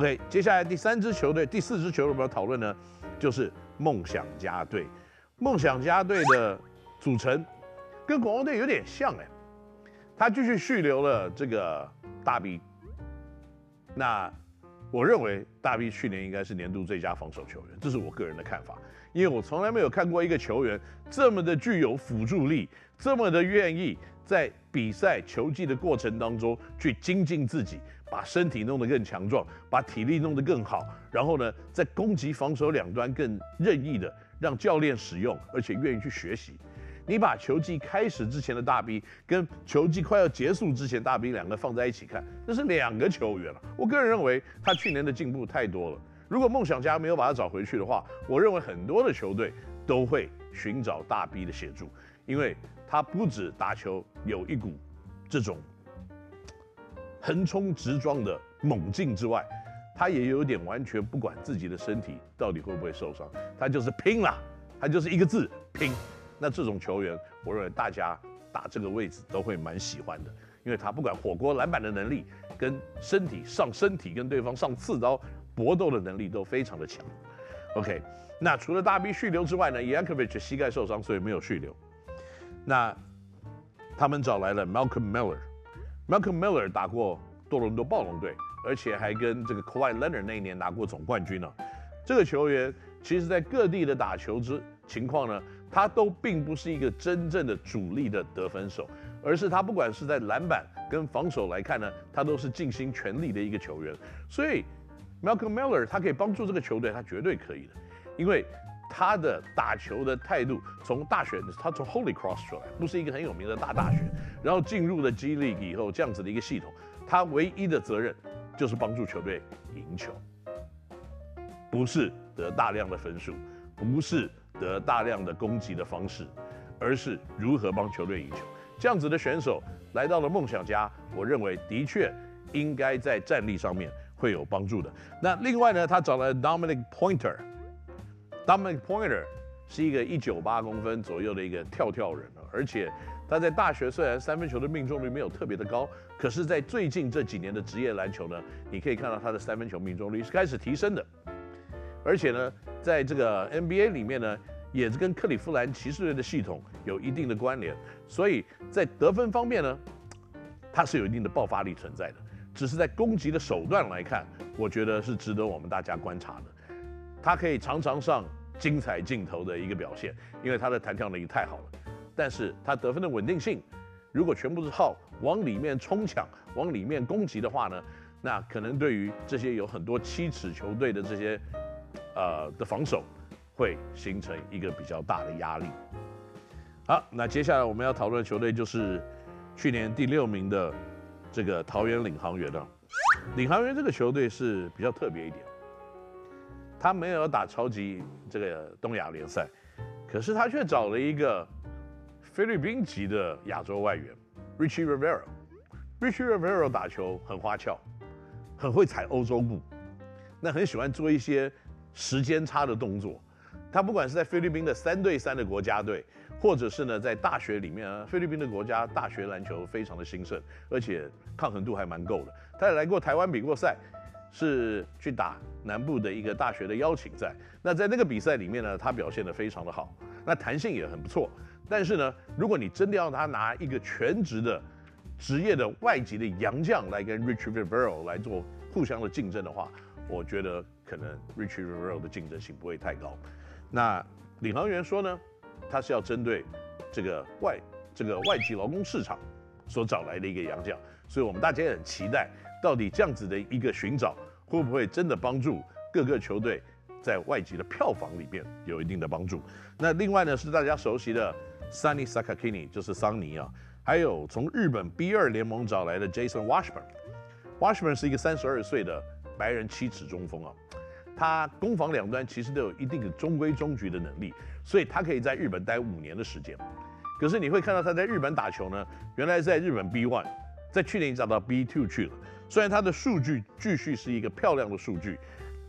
OK，接下來第三支球隊、第四支球隊我們要討論呢，就是夢想家隊。夢想家隊的組成跟國王隊有點像哎，他繼續續留了這個大 B。那我認為大 B 去年應該是年度最佳防守球員，這是我個人的看法，因為我從來沒有看過一個球員這麼的具有輔助力，這麼的願意在比賽球技的過程當中去精進自己。把身體弄得更強壯，把體力弄得更好，然後呢，在攻擊、防守兩端更任意的讓教練使用，而且願意去學習。你把球季開始之前的大 B 跟球季快要結束之前的大 B 兩個放在一起看，那是兩個球員了。我個人認為他去年的進步太多了。如果夢想家沒有把他找回去的話，我認為很多的球隊都會尋找大 B 的協助，因為他不止打球有一股這種。橫衝直撞的猛進之外，他也有點完全不管自己的身體到底會不會受傷，他就是拼了，他就是一個字拼。那這種球員，我認為大家打這個位置都會蠻喜歡的，因為他不管火鍋籃板的能力，跟身體上身體跟對方上刺刀搏鬥的能力都非常的強。OK，那除了大 B 續留之外呢，Yankovic 膝蓋受傷，所以沒有續留。那他們找來了 Malcolm Miller。Malcolm Miller 打過多倫多暴龍隊，而且還跟這個 Kawhi Leonard 那一年拿過總冠軍呢、啊。這個球員其實在各地的打球之情況呢，他都並不是一個真正的主力的得分手，而是他不管是在籃板跟防守來看呢，他都是盡心全力的一個球員。所以 Malcolm Miller 他可以幫助這個球隊，他絕對可以的，因為他的打球的態度，從大學他從 Holy Cross 出來，不是一個很有名的大大學。然後進入了 G League 以後這樣子的一個系統，他唯一的責任就是幫助球隊贏球，不是得大量的分數，不是得大量的攻擊的方式，而是如何幫球隊贏球。這樣子的選手來到了夢想家，我認為的確應該在戰力上面會有幫助的。那另外呢，他找了 Dominic Pointer，Dominic Pointer 是一個198公分左右的一個跳跳人而且。他在大學雖然三分球的命中率沒有特別的高，可是，在最近這幾年的職業籃球呢，你可以看到他的三分球命中率是開始提升的，而且呢，在這個 NBA 裡面呢，也是跟克里夫蘭騎士隊的系統有一定的關聯，所以在得分方面呢，他是有一定的爆發力存在的，只是在攻擊的手段來看，我覺得是值得我們大家觀察的，他可以常常上精彩鏡頭的一個表現，因為他的彈跳能力太好了。但是他得分的穩定性，如果全部是靠往裡面衝搶、往裡面攻擊的話呢，那可能對於這些有很多七尺球隊的這些，呃的防守，會形成一個比較大的壓力。好，那接下來我們要討論的球隊就是去年第六名的這個桃園領航員了。領航員這個球隊是比較特別一點，他沒有打超級這個東亞聯賽，可是他卻找了一個。菲律賓籍的亞洲外援 Richie Rivera，Richie Rivera 打球很花俏，很會踩歐洲步，那很喜歡做一些時間差的動作。他不管是在菲律賓的三對三的國家隊，或者是呢在大學裡面，菲律賓的國家大學籃球非常的興盛，而且抗衡度還蠻夠的。他也來過台灣比過賽，是去打南部的一個大學的邀請賽。那在那個比賽裡面呢，他表現得非常的好，那彈性也很不錯。但是呢，如果你真的要他拿一個全職的、職業的外籍的洋將來跟 Richard River 來做互相的競爭的話，我覺得可能 Richard River 的競爭性不會太高。那領航員說呢，他是要針對這個外這個外籍勞工市場所找來的一個洋將，所以我們大家也很期待，到底這樣子的一個尋找會不會真的幫助各個球隊在外籍的票房裡面有一定的幫助？那另外呢，是大家熟悉的。Sunny Sakakini 就是桑尼啊，還有從日本 B 二聯盟找來的 Jason Washburn，Washburn Wash 是一個三十二歲的白人七尺中鋒啊，他攻防兩端其實都有一定的中規中矩的能力，所以他可以在日本待五年的時間。可是你會看到他在日本打球呢，原來在日本 B one，在去年已經打到 B two 去了，雖然他的數據繼續是一個漂亮的數據，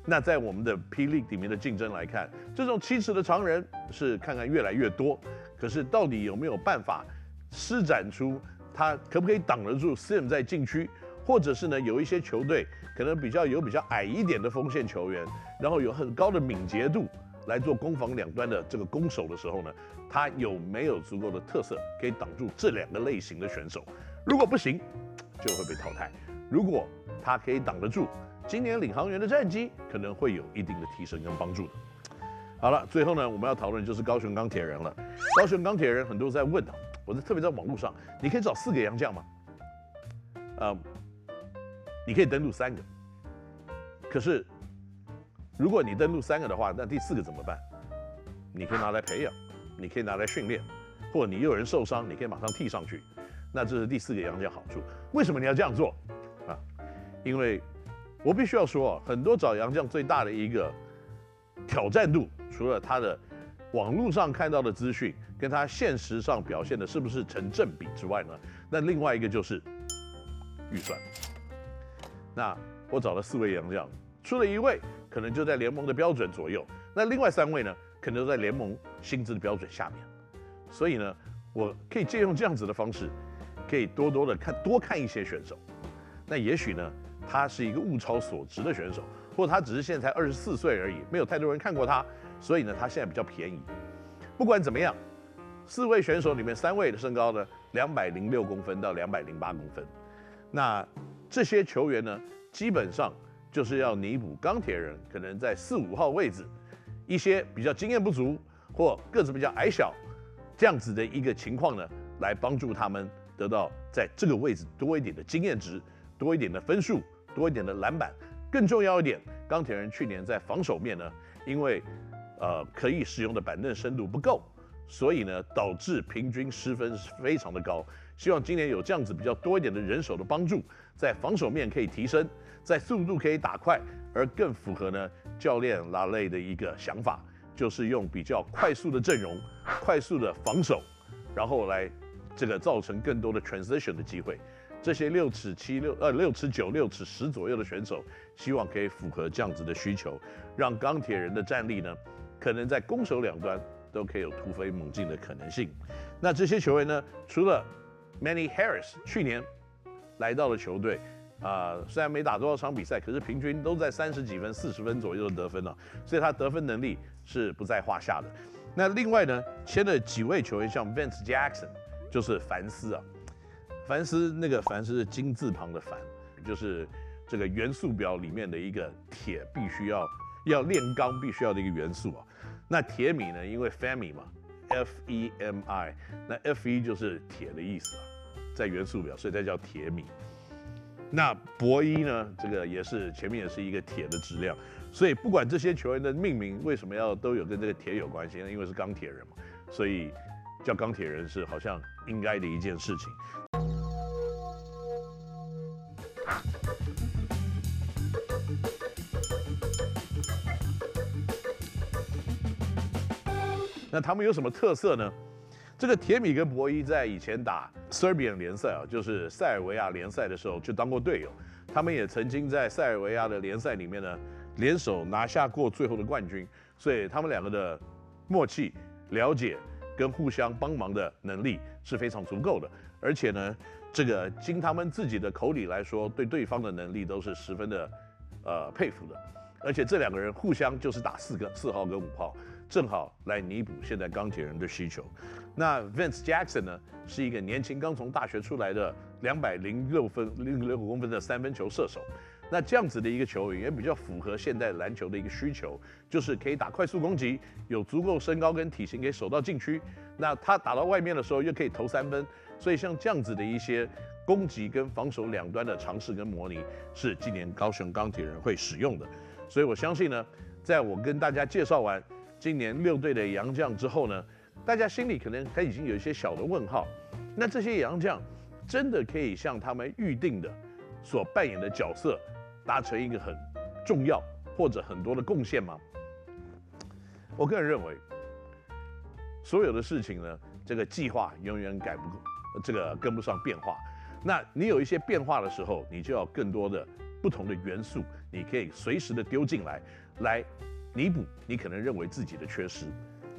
那在我們的 P League 裡面的競爭來看，這種七尺的長人是看看越來越多。可是到底有沒有辦法施展出他可不可以擋得住 Sim 在禁區，或者是呢有一些球隊可能比較有比較矮一點的鋒線球員，然後有很高的敏捷度來做攻防兩端的這個攻守的時候呢，他有沒有足夠的特色可以擋住這兩個類型的選手？如果不行，就會被淘汰。如果他可以擋得住，今年領航員的戰績可能會有一定的提升跟幫助的。好了，最後呢，我們要討論就是高雄鋼鐵人了。高雄鋼鐵人很多在問啊，我在特別在網絡上，你可以找四個洋將嗎？啊、嗯，你可以登錄三個。可是，如果你登錄三個的話，那第四個怎麼辦？你可以拿來培養，你可以拿來訓練，或你又有人受傷，你可以馬上替上去。那這是第四個洋將好處。為什麼你要這樣做？啊，因為，我必須要說，很多找洋將最大的一個挑戰度。除了他的網絡上看到的資訊跟他現實上表現的是不是成正比之外呢？那另外一個就是預算。那我找了四位洋將，出了一位可能就在聯盟的標準左右，那另外三位呢，可能都在聯盟薪資的標準下面。所以呢，我可以借用這樣子的方式，可以多多的看，多看一些選手。那也許呢，他是一個物超所值的選手，或者他只是現在才二十四歲而已，沒有太多人看過他。所以呢，他現在比較便宜。不管怎麼樣，四位選手裡面三位的身高呢，兩百零六公分到兩百零八公分。那這些球員呢，基本上就是要彌補鋼鐵人可能在四五號位置一些比較經驗不足或個子比較矮小這樣子的一個情況呢，來幫助他們得到在這個位置多一點的經驗值、多一點的分數、多一點的籃板。更重要一點，鋼鐵人去年在防守面呢，因為呃，可以使用的板凳深度不夠，所以呢，導致平均失分是非常的高。希望今年有這樣子比較多一點的人手的幫助，在防守面可以提升，在速度可以打快，而更符合呢教練拉內的一個想法，就是用比較快速的陣容，快速的防守，然後來這個造成更多的 transition 的機會。這些六尺七六呃六尺九六尺十左右的選手，希望可以符合這樣子的需求，讓鋼鐵人的戰力呢，可能在攻守兩端都可以有突飛猛進的可能性。那這些球員呢，除了 Manny Harris 去年來到了球隊，啊、呃，雖然沒打多少場比賽，可是平均都在三十幾分、四十分左右的得分了、啊，所以他得分能力是不在話下的。那另外呢，簽了幾位球員，像 Vince Jackson 就是凡斯啊，凡斯那個凡斯是金字旁的凡，就是這個元素表裡面的一個鐵，必須要。要煉鋼必須要的一個元素啊，那鐵米呢？因為 Femi 嘛，F E M I，那 F E 就是鐵的意思啊，在元素表，所以它叫鐵米。那博伊呢，這個也是前面也是一個鐵的質量，所以不管這些球員的命名為什麼要都有跟這個鐵有關係，因為是鋼鐵人嘛，所以叫鋼鐵人是好像應該的一件事情。那他們有什麼特色呢？這個鐵米跟博伊在以前打 Serbian 聯賽啊，就是塞爾維亞聯賽的時候就當過隊友。他們也曾經在塞爾維亞的聯賽裡面呢，聯手拿下過最後的冠軍。所以他們兩個的默契、了解跟互相幫忙的能力是非常足夠的。而且呢，這個經他們自己的口裡來說，對對方的能力都是十分的呃佩服的。而且這兩個人互相就是打四個四號跟五號。正好來彌補現在鋼鐵人的需求。那 Vince Jackson 呢，是一個年輕剛從大學出來的，兩百零六分零六公分的三分球射手。那這樣子的一個球員也比較符合現代籃球的一個需求，就是可以打快速攻擊，有足夠身高跟體型可以守到禁區。那他打到外面的時候又可以投三分，所以像這樣子的一些攻擊跟防守兩端的嘗試跟模擬，是今年高雄鋼鐵人會使用的。所以我相信呢，在我跟大家介紹完。今年六隊的洋將之後呢，大家心裡可能還已經有一些小的問號。那這些洋將真的可以像他們預定的所扮演的角色，達成一個很重要或者很多的貢獻嗎？我個人認為，所有的事情呢，這個計劃永遠改不，這個跟不上變化。那你有一些變化的時候，你就要更多的不同的元素，你可以隨時的丟進來，來，彌補你可能認為自己的缺失，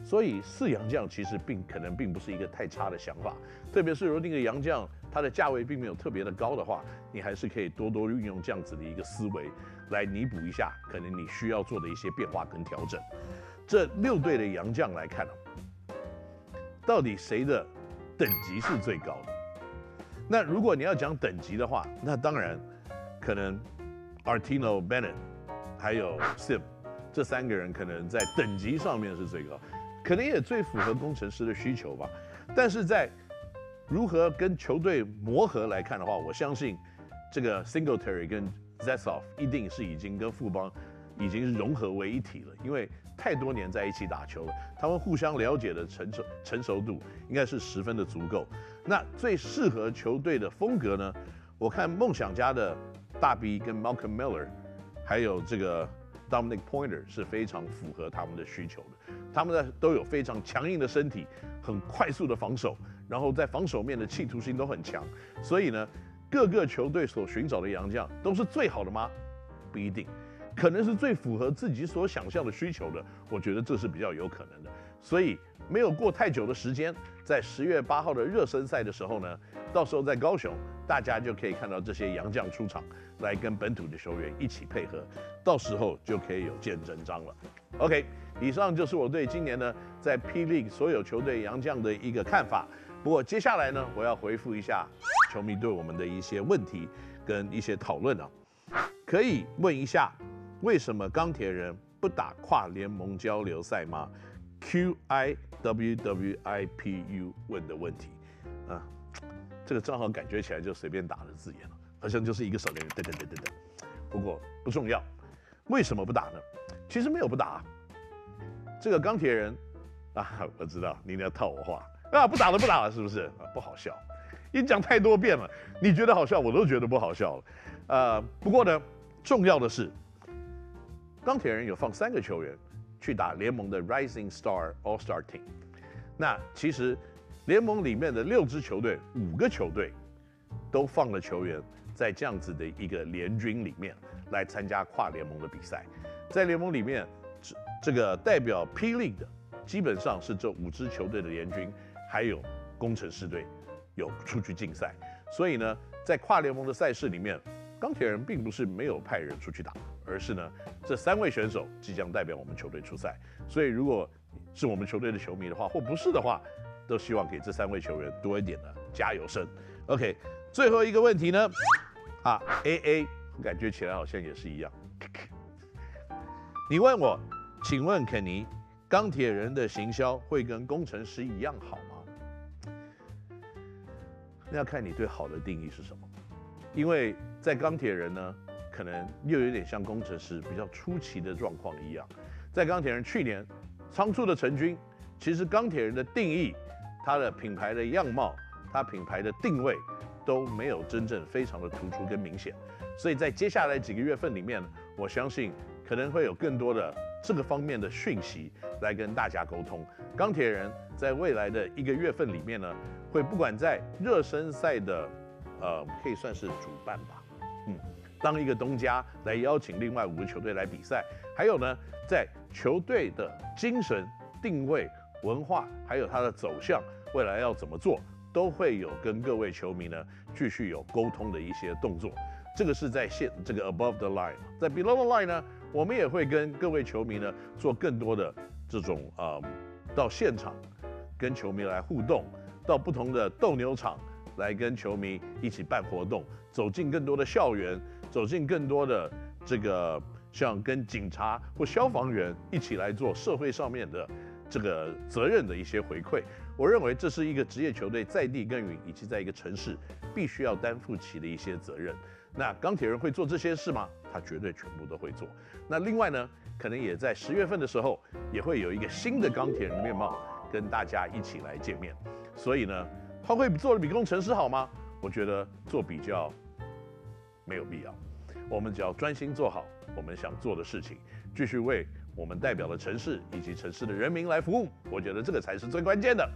所以四洋將其實並可能並不是一個太差的想法，特別是如果那個洋將他的價位並沒有特別的高的話，你還是可以多多運用這樣子的一個思維來彌補一下可能你需要做的一些變化跟調整。這六隊的洋將來看，哦，到底誰的等級是最高的？那如果你要講等級的話，那當然可能 Artino Bennett 還有 Sim。這三個人可能在等級上面是最高，可能也最符合工程師的需求吧。但是在如何跟球隊磨合來看的話，我相信這個 Singletary 跟 Zatsov 一定是已經跟富邦已經融合為一體了，因為太多年在一起打球了，他們互相了解的成熟成熟度應該是十分的足夠。那最適合球隊的風格呢？我看夢想家的大 B 跟 Malcolm Miller，還有這個。Dominic Poyner 是非常符合他們的需求的，他們呢都有非常強硬的身體，很快速的防守，然後在防守面的企圖心都很強，所以呢，各個球隊所尋找的洋將都是最好的嗎？不一定，可能是最符合自己所想象的需求的，我覺得這是比較有可能的。所以沒有過太久的時間，在十月八號的熱身賽的時候呢，到時候在高雄，大家就可以看到這些洋將出場，來跟本土的球員一起配合，到時候就可以有見真章了。OK，以上就是我對今年呢在 P League 所有球隊洋將的一個看法。不過接下來呢，我要回復一下球迷對我們的一些問題跟一些討論啊，可以問一下，為什麼鋼鐵人不打跨聯盟交流賽嗎？QIWWIPU 問的問題，啊，這個賬號感覺起來就隨便打的字眼了，好像就是一個手雷，噔噔噔噔噔。不過不重要，為什麼不打呢？其實沒有不打。啊，這個鋼鐵人，啊，我知道你一定要套我話，啊，啊，不打了不打了，是不是？啊，不好笑，你講太多遍了，你覺得好笑，我都覺得不好笑了。啊，不過呢，重要的是，鋼鐵人有放三個球員。去打聯盟的 Rising Star All-Star Team，那其實聯盟裡面的六支球隊，五個球隊都放了球員在這樣子的一個聯軍裡面來參加跨聯盟的比賽。在聯盟裡面，這這個代表 P League 的，基本上是這五支球隊的聯軍，還有工程師隊有出去競賽。所以呢，在跨聯盟的賽事裡面。鋼鐵人並不是沒有派人出去打，而是呢，這三位選手即將代表我們球隊出賽，所以如果是我們球隊的球迷的話，或不是的話，都希望給這三位球員多一點的加油聲。OK，最後一個問題呢，啊，AA 感覺起來好像也是一樣。 你問我，請問肯尼，鋼鐵人的行銷會跟工程師一樣好嗎？那要看你對好的定義是什麼。因為在鋼鐵人呢，可能又有點像工程師比較出奇的狀況一樣，在鋼鐵人去年倉促的成軍，其實鋼鐵人的定義、它的品牌的樣貌、它品牌的定位都沒有真正非常的突出跟明顯，所以在接下來幾個月份裡面，我相信可能會有更多的這個方面的訊息來跟大家溝通。鋼鐵人在未來的一個月份裡面呢，會不管在熱身賽的。呃，可以算是主辦吧，嗯，當一個東家來邀請另外五個球隊來比賽，還有呢，在球隊的精神定位、文化，還有它的走向，未來要怎麼做，都會有跟各位球迷呢繼續有溝通的一些動作。這個是在線，這個 above the line，在 below the line 呢，我們也會跟各位球迷呢做更多的這種呃到現場跟球迷來互動，到不同的鬥牛場。來跟球迷一起辦活動，走進更多的校園，走進更多的這個像跟警察或消防員一起來做社會上面的這個責任的一些回饋。我認為這是一個職業球隊在地耕耘以及在一個城市必須要擔負起的一些責任。那鋼鐵人會做這些事嗎？他絕對全部都會做。那另外呢，可能也在十月份的時候也會有一個新的鋼鐵人的面貌跟大家一起來見面。所以呢。他會做的比工程師好嗎？我覺得做比較沒有必要。我們只要專心做好我們想做的事情，繼續為我們代表的城市以及城市的人民來服務。我覺得這個才是最關鍵的。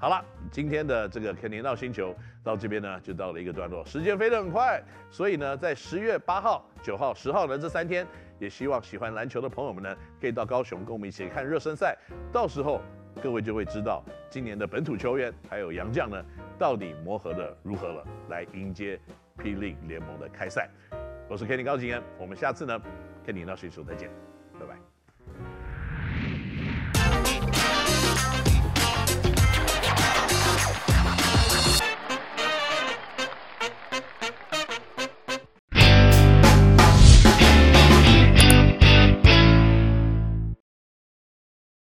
好了，今天的這個肯尼 NOW 星球到這邊呢，就到了一個段落。時間飛得很快，所以呢，在十月八號、九號、十號的這三天，也希望喜歡籃球的朋友們呢，可以到高雄跟我們一起看熱身賽。到時候。各位就會知道，今年的本土球員還有洋將呢，到底磨合的如何了？來迎接 P League 聯盟的開賽。我是肯尼高景炎，我們下次呢，肯尼 NOW 星球再見，拜拜。